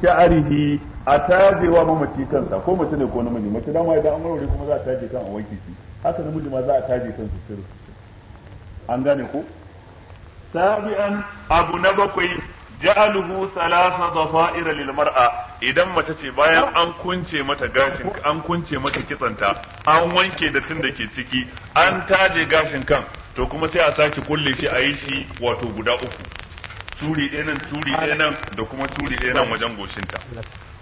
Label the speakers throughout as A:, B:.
A: sha'arihi a taje wa mamaci kansa ko mace ne ko namiji mace dama idan an warware kuma za a taje kan a wanki shi haka namiji ma za a taje kan su sirri an gane ko sabi'an abu na bakwai ja'aluhu salasa dhafa'ir lil mar'a idan mace ce bayan an kunce mata gashin an kunce mata kitsanta an wanke da tun da ke ciki an taje gashin kan to kuma sai a sake kulle shi a yi shi wato guda uku turi ɗaya nan turi ɗaya nan da kuma turi ɗaya nan wajen goshinta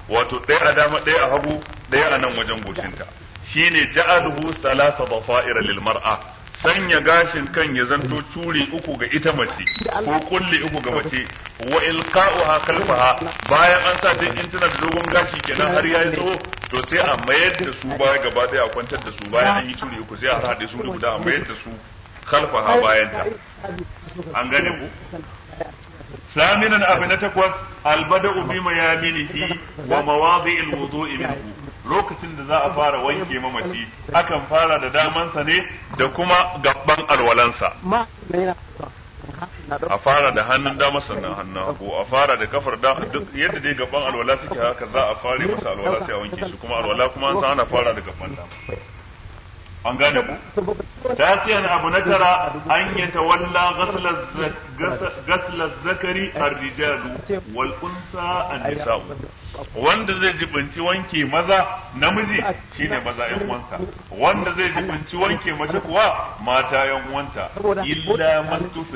A: wato ɗaya a dama ɗaya a hagu ɗaya a nan wajen goshinta shine ja'aluhu salasa dhafa'ir lil mar'a sanya gashin kan ya zanto turi uku ga ita mace ko kulli uku ga mace wa ilqa'uha khalfaha bayan an sa din tana da dogon gashi kenan har yayi tsoho to sai a mayar da su baya gaba ɗaya a kwantar da su bayan an yi turi uku sai a haɗe su guda a mayar da su khalfaha bayan ta an gane ku ثامنا أبو نتكوس البدء بميامنه ومواضع الوضوء منه lokacin da za a fara wanke mamaci akan fara da damansa ne da kuma gaban alwalansa a fara da hannun dama sannan hannun hagu a fara da kafar da duk yadda dai gaban alwala suke haka za a fare masa alwala sai a wanke shi kuma alwala kuma an san ana fara da gaban dama an gane ku Ta an abu na tara an ya tawalla gaslar zakari a rijalu wal unsa an wanda zai jibinci wanke maza namiji shine maza yan wanta wanda zai jibinci wanke mace kuwa mata yan wanta illa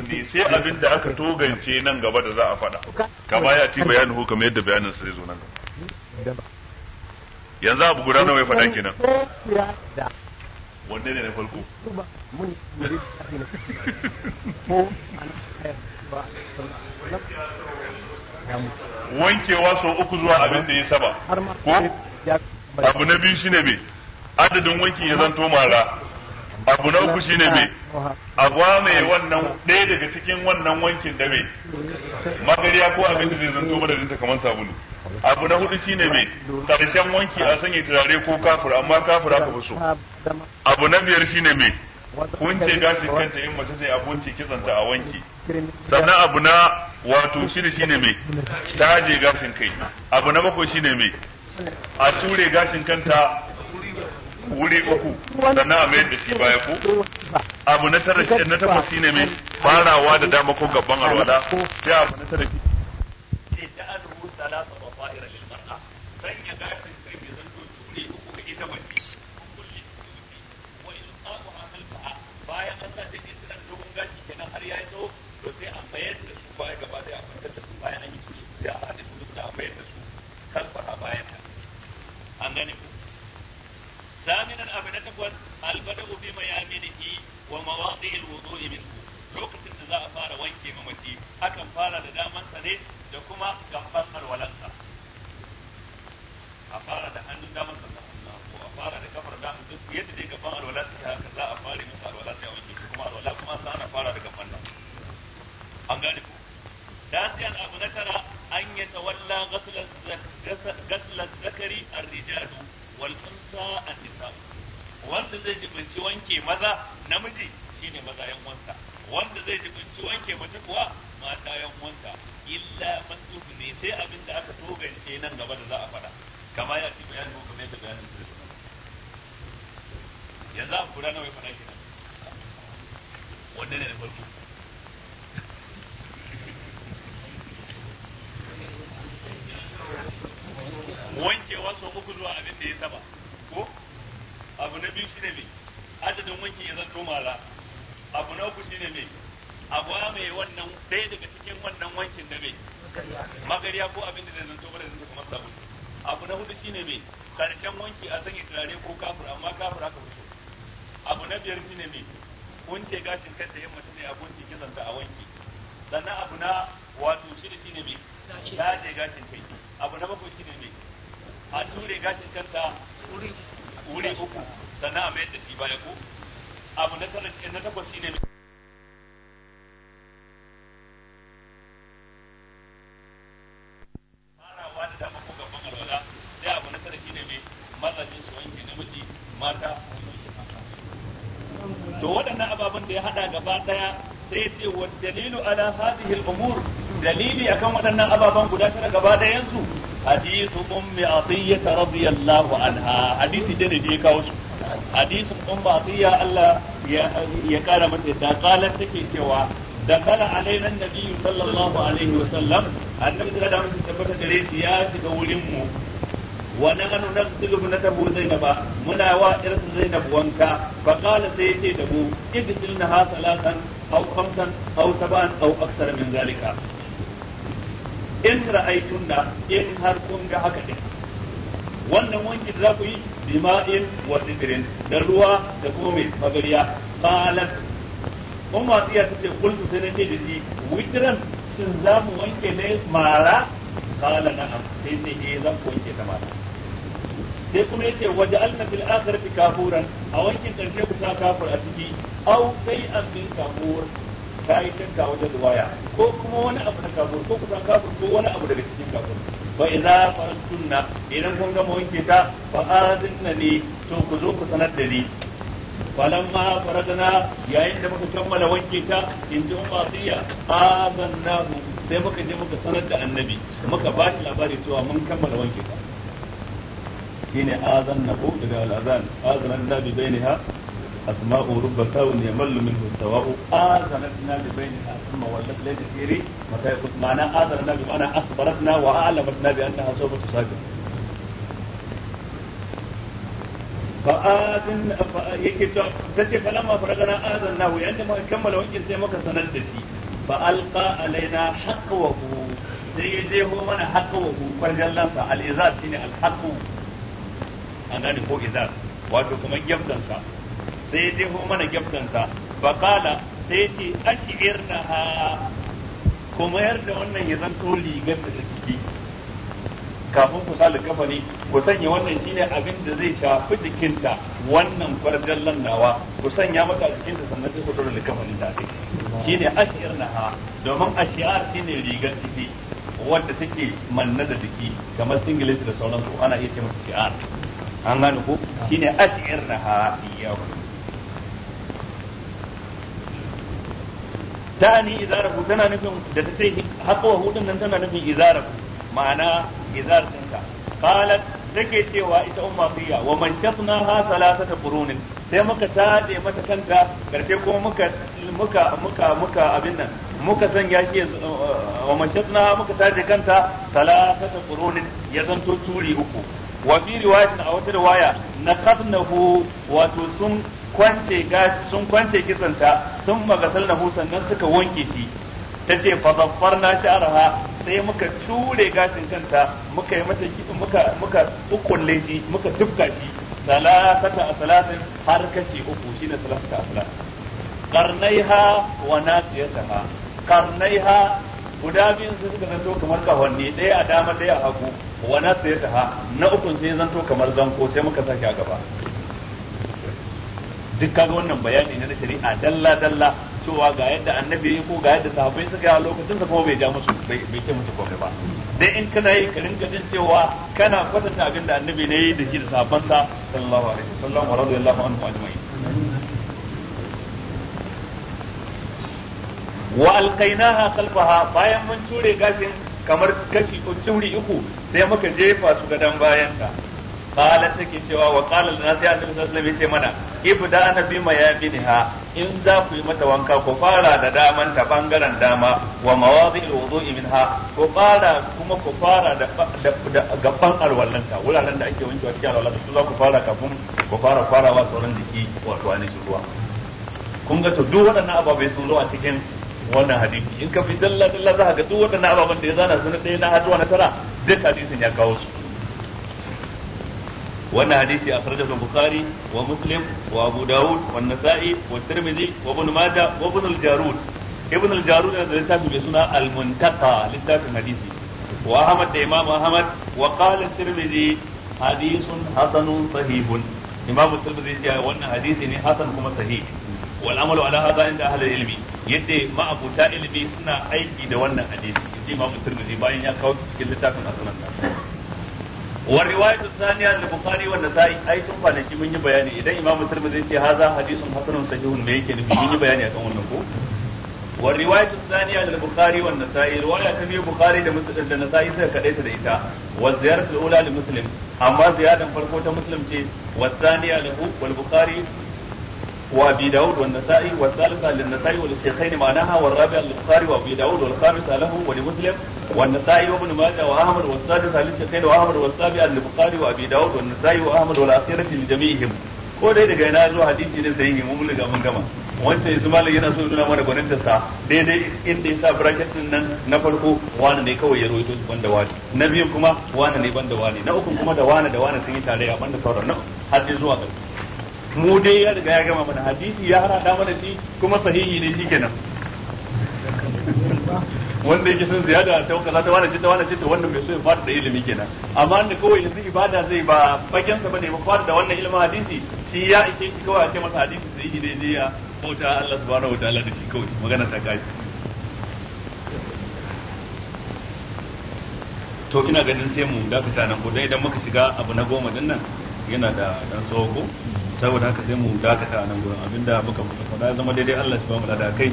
A: ne sai abin da aka togance nan gaba da za a faɗa ka ya ci bayanin hukum yadda bayanin sai zo nan yanzu abu guda nawa ya faɗa kenan wanne ne na farko
B: wankewa sau
A: uku zuwa abin da ya saba ko abu na biyu shine mai adadin wankin ya zanto mara abu na uku shine mai a gwame wannan ɗaya daga cikin wannan wankin da me magariya ko abin da zai zanto madadin ta kamar sabulu abu na hudu shine me. karshen wanki a sanya turare ko kafir amma kafir aka fi so abu na biyar shine mai kunce gashin kanta in mace sai abunci kitsanta a wanki sannan abu na wato shine shine Ta taje gashin kai abu na bakwai shine me. a ture gashin kanta wuri uku sannan a mayar da shi baya ko abu na tara na takwas shine me. farawa da dama ko gaban alwala sai abu na tara
B: wanda zai jibinci wanke maza namiji shi ne maza yan wanta wanda zai jibinci wanke mace kuwa mata yan wanta illa man ne sai abin da aka togance nan gaba da za a faɗa kama ya ci bayanin kuma yadda bayanin su yanzu an kura nawa ya faɗa kenan wanda ne da farko wanke wasu uku zuwa abin da ya saba ko abu na biyu shine ne adadin wanki ya zanto mara abu na uku shine ne abu mai wannan ɗaya daga cikin wannan wankin da mai magariya ko abin da zai zanto ba da zanto kamar sabon abu na hudu shine ne karshen wanki a sanya turare ko kafur amma kafur aka fito abu na biyar shine ne kunce gashin kanta yamma ne a kunce kizanta a wanki sannan abu na wato shida shine ya je gashin kai abu na bakwai shine ne a ture gashin kanta wuri uku sannan a mayar da shi baya ko abu na eh, na takwas shine farawa da dama ko gaban alwala sai abu na tara shine mai mazajin su wanke namiji mata to waɗannan ababen da ya haɗa gaba ɗaya sai ce wa dalilu ala hadhihi al-umur dalili akan waɗannan ababen guda tara gaba dayan su حديث أم عطية رضي الله عنها حديث جنة دي كاوش حديث أم عطية ألا يقال من إذا قالت تكي كوا دخل علينا النبي صلى الله عليه وسلم النبي صلى الله عليه وسلم تبت جريت يا سيدولمو ونحن نغسل ابنته زينب منا وائرة زينب وانكا فقال سيدي دبو اغسلنها ثلاثا أو خمسا أو سبعا أو أكثر من ذلك in na in har kun ga haka din wannan wanki da za ku yi bima'in wa sidrin da ruwa da kuma mai magariya qalat umma tsiya ta ce kullu sai nake da shi witran shin za wanke ne mara qala na'am sai ne eh zan wanke ta mara sai kuma yace waja'alna fil akhirati kafuran a wankin karshe ku sa kafur a ciki au sai an bin kafur ta yi shakka wajen ruwaya ko kuma wani abu na kafur ko kusan kafur ko wani abu daga cikin kafur fa idza farantunna idan kun gama wanke ta fa azinna ni to ku zo ku sanar da ni falamma faradna yayin da muka kammala wanke ta in ji umatiya azannahu sai muka je muka sanar da annabi muka ba shi labari cewa mun kammala wanke ta shine azannahu daga al-azan azanna da bainaha أسماء رب كون يمل منه الدواء آذنتنا ببينها ثم ولت ليس كيري متى يقول معنى آذنتنا بمعنى أخبرتنا وأعلمتنا بأنها سوف تصادم فآذن يكي فلما فرغنا آذنناه عندما كمل وجه زي مكة فألقى علينا حقه سيدي هو من حقه mana haƙa wa kufar jallansa al'izar shi ne alhaƙu a gane ko sai je ho mana gyaftansa fa kala sai ce ha ku mayar da wannan ya zanto rigar da take kafin ku sa likafani ku sanya wannan shine abin da zai shafi jikinta wannan kwargallan nawa ku sanya mata jikinta sannan sai ku tura likafani ta kai shine ha domin ashiar shine rigar ciki wadda take manna da jiki kamar singlet da sauransu ana iya ce mata shi'ar an gane ko shine ha iyyakum tani izarahu tana nufin da ta ce haƙuwa hudun nan tana nufin izarahu ma'ana izar ɗinka qalat take cewa ita umma fiya wa man shafna ha sai muka tade mata kanta karshe kuma muka muka muka abin nan muka sanya shi wa man shafna muka tade kanta salasata ya zanto turi uku wa a wata riwaya nakafnahu wato sun kwance sun kwance kisanta sun magasal na nan suka wanke shi ta ce fazaffar na sha'araha sai muka ture gashin kanta muka yi mata muka muka ukulle shi muka tufka shi a asalatin har kashi uku shi shine salasata karnai ha wa karnai ha guda biyun sun suka zanto kamar kahonni ɗaya a dama ɗaya a hagu wa ha na ukun sun zanto kamar zanko sai muka sake a gaba duk kaga wannan bayani ne na shari'a dalla dalla cewa ga yadda annabi ya ko ga yadda sahabbai suka yi a lokacin sa kuma bai ja musu bai ce musu komai ba dai in kana yi ka rinka jin cewa kana kwatanta abin da annabi ne da shi da sahabban sa sallallahu alaihi wasallam wa radiyallahu anhu ajma'in wa alqainaha khalfaha bayan mun ture gashin kamar kashi ko turi uku sai muka jefa su gadan bayan ta qala take cewa wa qala lana sai annabi sallallahu alaihi wasallam mana ibda ana bi mayaqinha in za ku yi mata wanka ku fara da daman ta bangaren dama wa mawadi'ul wudu'i minha ku fara kuma ku fara da gaban alwallanta wuraren da ake wanke cikin alwallanta su za ku fara kafin ku fara farawa sauran jiki wato ainihin ruwa kun ga to duk waɗannan ababai sun zo a cikin wannan hadisi in ka fi dalla dalla za ka ga duk waɗannan ababen da ya zana su na ɗaya na har na tara duk hadisin ya kawo su wannan hadisi a al-bukhari wa muslim wa abu daud wa an-nasa'i wa tirmidhi wa ibn majah wa ibn al-jarud ibn da littafi suna al littafin hadisi wa ahmad da imam ahmad wa qala tirmidhi hadithun hasanun sahihun imam tirmidhi ya wannan hadisi ne hasan kuma sahih wal amalu ala hadha inda ahli ilimi yadda ma'abuta ilimi suna aiki da wannan hadisi bayan ya kawo cikin littafin hasanan wa riwayatu thaniya al-bukhari wa nasa'i ai tun kwanaki mun yi bayani idan imam zai ce haza hadithun hasanun sahihun ne yake nufi mun yi bayani akan wannan ko wa riwayatu thaniya al-bukhari wa nasa'i riwaya ta biyu bukhari da muslim da nasa'i suka kadaita da ita wa ziyaratu al-ula li muslim amma ziyadan farko ta muslim ce wa thaniya lahu wal bukhari وابي داود والنسائي والثالثة للنسائي والشيخين معناها والرابع للبخاري وابي داود والخامسة له ولمسلم والنسائي وابن ماجه واحمد والسادسة للشيخين واحمد والسابعة للبخاري وابي داود والنسائي واحمد والأخيرة لجميعهم ko dai daga yana zuwa hadisi ne sai mu mun riga mun gama wancan Ismail yana so yana mana gwaninta sa daidai inda ya sa bracket din nan na farko wani ne kawai ya rawaito su banda wani na biyu kuma wani ne banda wani na uku kuma da wani da wani sun yi tare a banda sauran nan har zuwa ga mu dai ya riga ya gama mana hadisi ya hada mana shi kuma sahihi ne shikenan wanda yake son ziyada ta za ta wani ta wani ta wannan mai so ya fada da ilimi kenan amma inda kawai yanzu ibada zai ba bakin sa bane ba fada da wannan ilimin hadisi shi ya ake shi kawai ake masa hadisi sai yi dai ya bauta Allah subhanahu wa ta'ala da shi kawai magana ta kai to kina ganin sai mu dakata nan ko dai idan muka shiga abu na goma din nan yana da dan tsawo ko saboda haka sai mu dakata a nan gurin abinda muka faɗa ya zama daidai Allah shi ba mu da kai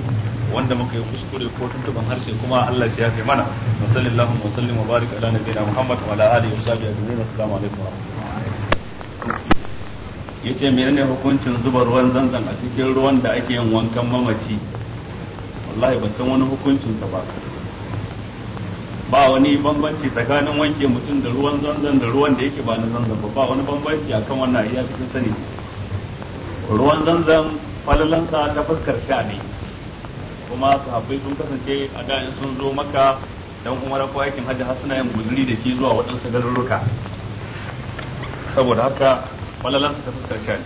B: wanda muka yi kuskure ko tuntuban harshe kuma Allah shi ya fi mana wa sallallahu wa sallim wa barika ala nabiyina Muhammad wa ala alihi wa sahbihi ajma'in assalamu alaikum wa rahmatullahi yace menene hukuncin zubar ruwan zanzan a cikin ruwan da ake yin wankan mamaci wallahi ban san wani hukuncin sa ba ba wani bambanci tsakanin wanke mutum da ruwan zanzan da ruwan da yake ba na zanzan ba ba wani bambanci akan wannan iya cikin sani ruwan zanzan falalansa ta fuskar sha ne kuma sahabbai sun kasance a da sun zo maka dan umara ko aikin hajji har suna yin guzuri da shi zuwa waɗansu garuruka saboda haka falalansa ta fuskar sha ne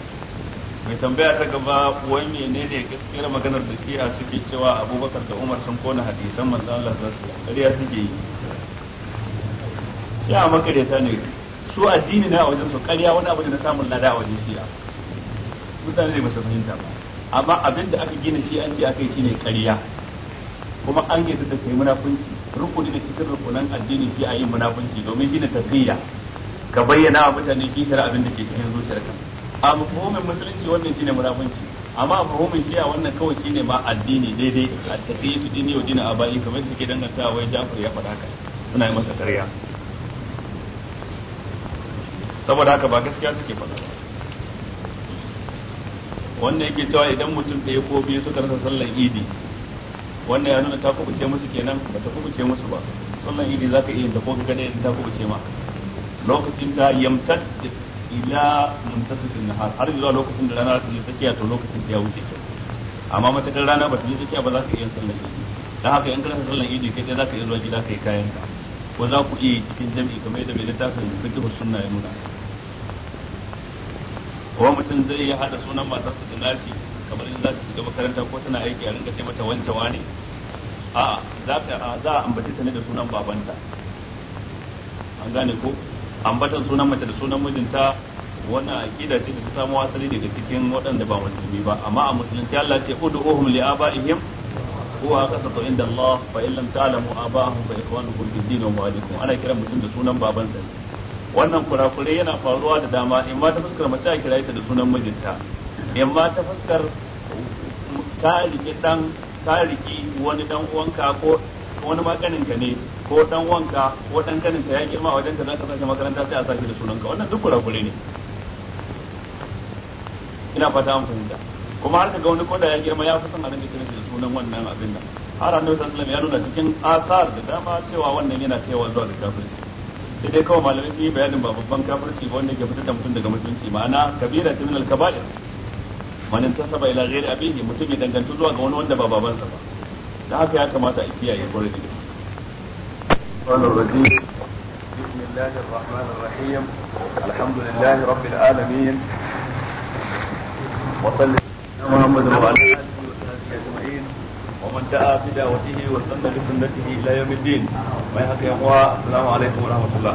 B: mai tambaya ta gaba wai menene gaskiyar maganar da shi'a suke cewa abubakar da umar sun kona hadisan manzo Allah sallallahu alaihi wasallam suke yi shi'a makareta ne su addini na wajen su ƙarya wani abu da na samun lada a wajen shi'a mutane ne ba su fahimta ba amma abin da aka gina shi an ce aka yi shine ƙarya kuma an yadda da kai munafunci rukuni da cikin rukunan addini shi a yi munafunci domin shi ne tafiya ka bayyana wa mutane shi shara abin da ke cikin zuciyarka a mafahimin musulunci wannan shine munafunci amma a fahimin shi a wannan kawai shine ma addini daidai a tafiya su dini wa dini a bayi kamar su ke danganta wai jafar ya faɗa ka suna yi masa ƙarya saboda haka ba gaskiya suke faɗa wanda yake cewa idan mutum ɗaya ko biyu suka rasa sallan idi wannan ya nuna ta kubuce musu kenan ba ta kubuce musu ba sallan idi za ka iya ta ko ka gane ta kubuce ma lokacin ta yamtat ila muntasifin nahar har zuwa lokacin da rana ta yi tsakiya to lokacin ta ya wuce ke amma matakar rana ba ta yi tsakiya ba za ka iya sallan idi dan haka in ka rasa sallan idi kai dai za ka iya zuwa gida kai kayan ka ko za ku iya cikin jami'i kamar yadda bai littafin fiqh sunna ya nuna wa mutum zai iya hada sunan matarsa da nashi kamar in za ta shiga makaranta ko tana aiki a rinka ce mata wance wane a za a ambace ta ne da sunan babanta an gane ko ambatan sunan mace da sunan mijinta wani aqida ce da ta samo asali daga cikin waɗanda ba musulmi ba amma a musulunci Allah ce ud'uhum li abaihim huwa qasatu inda Allah fa in lam ta'lamu abaahum fa ikhwanukum fid din wa walikum ana kiran mutum da sunan babansa wannan kurakure yana faruwa da dama in ma ta fuskar mace a kira da sunan mijinta in ma ta fuskar ta riki dan ta riki wani dan uwanka ko wani makaninka ne ko dan wanka ko dan kaninka ya girma a wajenka zaka sake makaranta sai a sake da sunanka wannan duk kurakure ne ina fata an fahimta kuma har kaga wani koda ya girma ya fi son a rinka kiran da sunan wannan abin nan har annabi sallallahu alaihi wasallam ya nuna cikin asar da dama cewa wannan yana kaiwa zuwa da kafirci sai dai kawai malamai sun yi bayanin ba babban kafirci ba wanda ke fitar da mutum daga musulunci ma'ana kabira ta min al-kaba'ir man intasaba ila ghairi abihi mutum ya dangantu zuwa ga wani wanda ba babansa ba da haka ya kamata a kiyaye gore da بسم الله الرحمن الرحيم الحمد لله رب العالمين وصلى محمد وعلى ومن دعا بدعوته وسن بسنته الى يوم الدين ما يحكي السلام عليكم ورحمه الله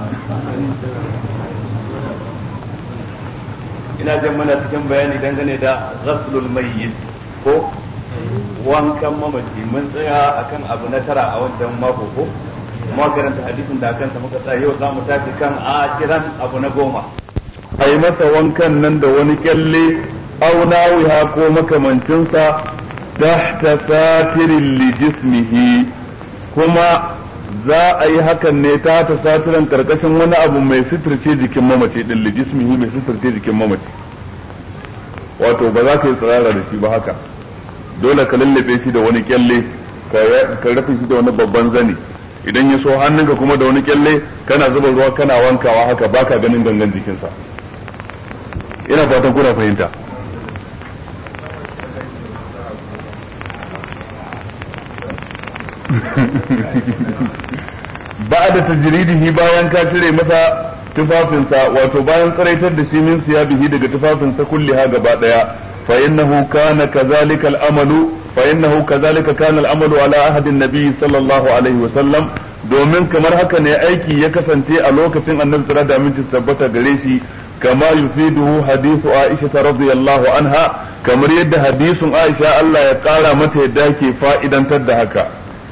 B: ina jan mana cikin bayani dangane da ghaslul mayyit ko wankan mamaci mun tsaya akan abu na tara a wancan mako ko kuma karanta hadisin da kansa muka tsaya yau za mu tafi kan akiran abu na goma Ai
A: masa wankan nan da wani kyalle auna wuya ko makamancinsa تحت ساتر لجسمه كما kuma za a yi hakan ne ta ta satiran karkashin wani abu mai suturce jikin mamaci din jismihi mai suturce jikin mamaci wato ba za ka yi tsirara da shi ba haka dole ka lallabe shi da wani kyalle ka rufe shi da wani babban zani idan ya so hannunka kuma da wani kyalle kana zuba ruwa kana wankawa haka baka ganin gangan jikinsa ina fatan kuna fahimta ba da tajridihi bayan ka cire masa tufafinsa wato bayan tsaraitar da shi min siyabihi daga tufafinsa kulliha gaba daya fa innahu kana kazalika al-amalu fa innahu kazalika kana al-amalu ala ahadin nabiyu sallallahu alaihi wa sallam domin kamar haka ne aiki ya kasance a lokacin annabi tsira da tabbata gare shi kama yufiduhu hadithu aisha radiyallahu anha kamar yadda hadisin aisha Allah ya kara mata yadda ke fa'idantar da haka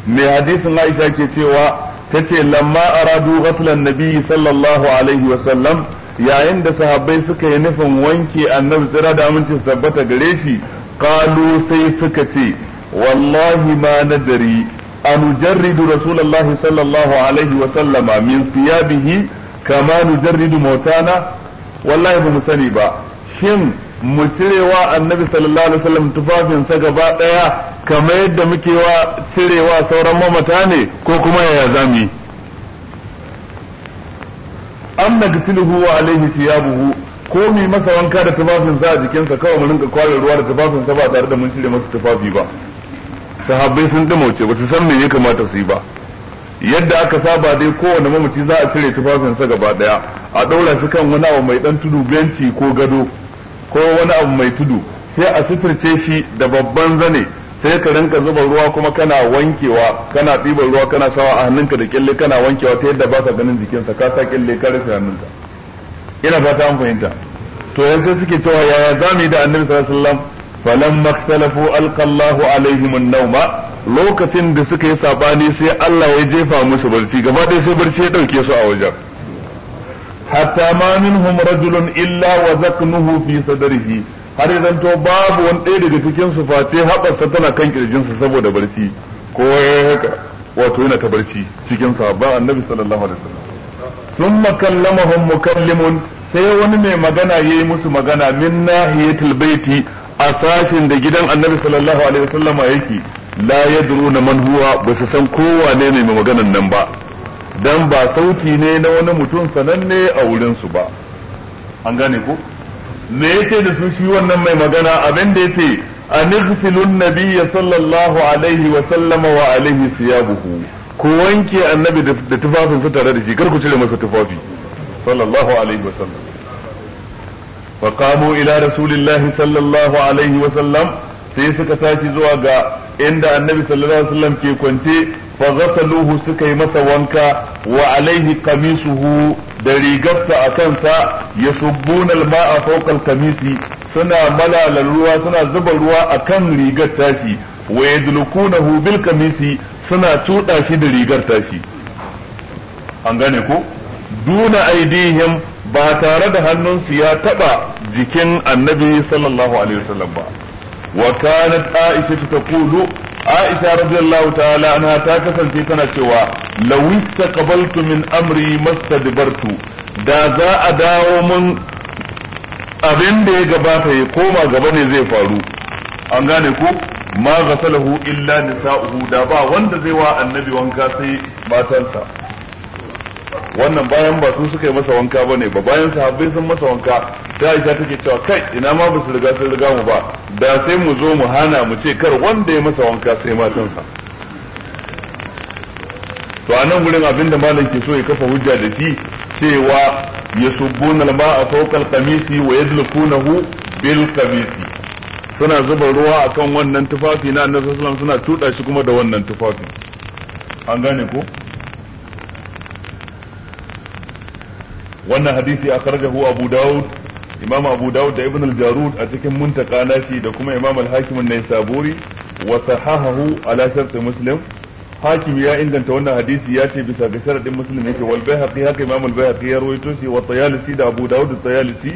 A: mai hadisin Aisha ke cewa ta ce lamma aradu ghaslan nabi sallallahu alaihi wa sallam yayin da sahabbai suka yi nufin wanke annabi tsira da aminci tabbata gare shi qalu sai suka ce wallahi ma nadari jarridu rasulullahi sallallahu alaihi wa sallama min siyabihi kama nujarridu mautana wallahi ba mu sani ba shin mu cirewa annabi sallallahu alaihi wasallam tufafinsa gaba daya kamar yadda muke wa cirewa sauran mamata ne ko kuma yaya zami amma nagsiluhu wa alaihi thiyabuhu ko mu masa wanka da tufafin a jikinsa kawai mu rinka kware ruwa da tufafin sa ba tare da mun cire masa tufafi ba sahabbai sun dumauce ba su san me ya kamata su yi ba yadda aka saba dai kowane mamaci za a cire tufafinsa gaba daya a daura shi kan wani abu mai dan tudu benci ko gado ko wani abu mai tudu sai a suturce shi da babban zane sai ka rinka zuba ruwa kuma kana wankewa kana ɗiban ruwa kana sawa a hannunka da kyalle kana wankewa ta yadda ba ka ganin jikinsa ka sa kyalle ka rufe hannunka ina fata an fahimta to yanzu suke cewa yaya za mu yi da annabi sallallahu alaihi wasallam falam makhtalafu alqallahu alaihim an-nawma lokacin da suka yi sabani sai Allah ya jefa musu barci gaba ɗaya sai barci ya dauke su a wajen hatta ma منهم رجل illa wa في صدره sadrihi har idan to babu wani ɗaya daga cikin su face haɓarsa tana kan su saboda barci ko haka wato yana ta barci cikin ba annabi sallallahu alaihi wasallam thumma kallamahum mukallimun sai wani mai magana yayi musu magana min nahiyatul baiti a sashin da gidan annabi sallallahu alaihi wasallam yake la yadruna man huwa ba su san kowa ne mai maganan nan ba dan ba sauti ne na wani mutum sananne a wurinsu ba an gane ko me yake da su shi wannan mai magana abin da yake an igsilun nabiyya sallallahu alaihi wa sallama wa alaihi siyabuhu ku wanke annabi da tufafin su tare da shi kar ku cire masa tufafi sallallahu alaihi wa sallam fa qamu ila rasulillahi sallallahu alaihi wa sallam sai suka tashi zuwa ga inda annabi sallallahu alaihi wa sallam ke kwance fa luhu suka yi masa wanka wa alaihi qamisuhu da rigarsa a kansa yasubbuna al-ma'a fawqa al-qamisi suna malalar ruwa suna zuba ruwa akan rigar tashi wa yadlukunahu bil qamisi suna tuda shi da rigar tashi an gane ko duna aidihim ba tare da hannunsu ya taɓa jikin annabi sallallahu alaihi wasallam ba wa kanat aisha taqulu Aisha radiyallahu ta'ala anha ta kasance tana cewa lawis Kabaltumin min amri mastadbartu da za a dawo mun abin da ya gabata ya koma gaba ne zai faru an gane ko. ma ghasalahu illa nisa'uhu da ba wanda zai wa annabi wanka sai matansa wannan bayan ba su suka yi masa wanka bane ba bayan sahabbai sun masa wanka da Aisha take cewa kai ina ma ba su riga sun riga mu ba da sai mu zo mu hana mu ce kar wanda ya masa wanka sai matansa to a nan gurin abinda malam ke so ya kafa hujja da shi cewa yasubbuna al-ma'a fawqa al-qamisi wa yadlukunahu bil qamisi suna zuba ruwa akan wannan tufafi na annabi sallallahu suna tuda shi kuma da wannan tufafi an gane ko wannan hadisi akhrajahu abu daud imam abu daud da ibn al-jarud a cikin muntaka nashi da kuma imam al-hakim an-naisaburi wa sahahahu ala shart muslim hakim ya inganta wannan hadisi ya ce bisa ga sharadin muslim yake wal bayhaqi haka imam al-bayhaqi ya rawaito shi wa tayalisi da abu daud at-tayalisi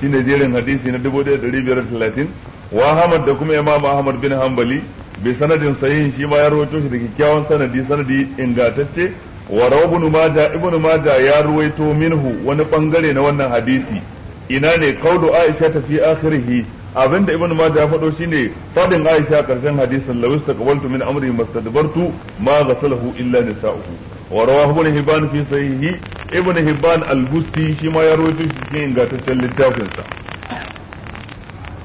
A: shine jerin hadisi na 1530 wa ahmad da kuma imam ahmad bin hanbali bi sanadin sahihin shi ma ya rawaito shi da kikkiawan sanadi sanadi ingantacce wa rawbun majah ibnu majah ya ruwaito minhu wani bangare na wannan hadisi ina ne kaudu aisha ta fi akhirih abinda ibnu majah ya faɗo shine fadin aisha karshen hadisin law istaqbaltu min amri mastadbartu ma ghasalahu illa nisa'uhu wa rawahu ibn hibban fi sahihi ibnu hibban al-busti shi ma ya ruwaito shi cikin ingantaccen littafin sa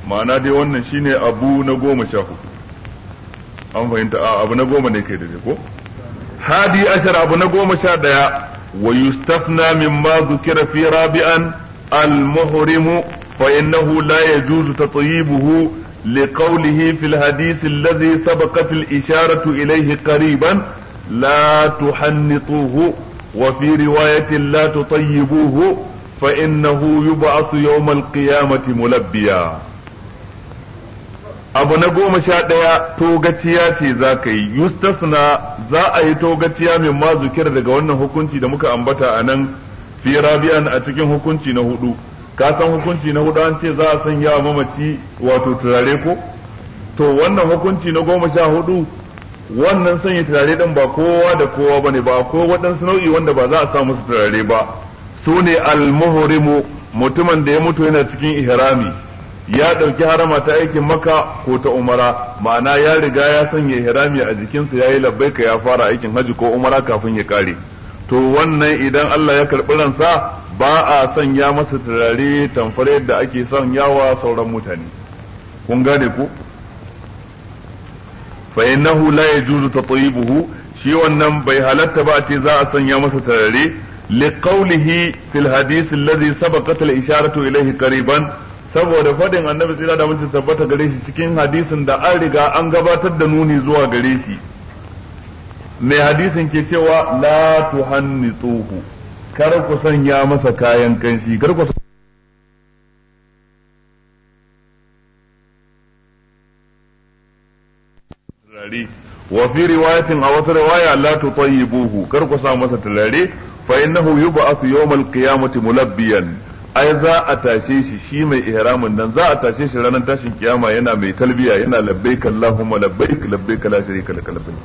A: ma'ana dai wannan shine abu na goma sha hudu an fahimta a abu na goma ne kai da ko hadi ashar abu na goma sha ɗaya wa yustafna mimma zukira fi rabi'an al-muhrimu fa innahu la yajuzu tatyibuhu لقوله في الحديث الذي سبقت الإشارة إليه قريبا لا تحنطوه وفي رواية لا تطيبوه فإنه يبعث يوم القيامة ملبيا abu na goma sha ɗaya togaciya ce za ka yi yustasna za a yi togaciya mai ma daga wannan hukunci da muka ambata a nan fi rabi'an a cikin hukunci na hudu ka san hukunci na hudu an ce za a san ya mamaci wato turare ko to wannan hukunci na goma sha hudu wannan sanya turare din ba kowa da kowa ba ne ba ko waɗansu nau'i wanda ba za a sa musu turare ba su ne al mutumin da ya mutu yana cikin ihrami ya ɗauki harama ta aikin maka ko ta umara ma'ana ya riga ya sanya hirami a jikinsa ya yi labbaika ya fara aikin haji ko umara kafin ya kare to wannan idan Allah ya karɓi ransa ba a sanya masa turare tamfare da ake sanyawa sauran mutane kun gane ku fa innahu la yajuzu tatayibuhu shi wannan bai halatta ba ce za a sanya masa turare liqawlihi fil hadith alladhi sabaqat al-isharatu ilayhi qariban saboda faɗin annabi sai da mutum tabbata gare shi cikin hadisin da an riga an gabatar da nuni zuwa gare shi mai hadisin ke cewa la tuhannituhu kar ku sanya masa kayan kanshi kar ku wa fi riwayatin a wata riwaya la tutayyibuhu kar ku sa masa tulare fa innahu yub'athu al qiyamati mulabbiyan ai za a tashe shi shi mai ihramin nan za a tashe shi ranar tashin kiyama yana mai talbiya yana labbaik Allahumma labbaik labbaik la sharika lak labbaik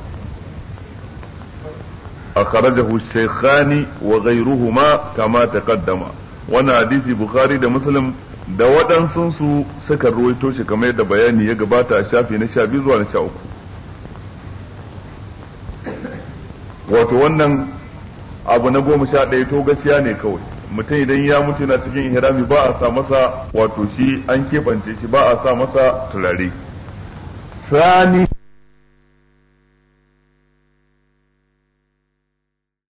A: akhrajahu shaykhani wa ghayruhuma kama taqaddama wannan hadisi bukhari da muslim da waɗansu su suka ruwaito shi kamar yadda bayani ya gabata a shafi na 12 zuwa na 13 wato wannan abu na goma sha ɗaya to gaskiya ne kawai mutum idan ya mutu na cikin ihrami ba a sa masa wato shi an keɓance shi ba a sa masa turare
B: sani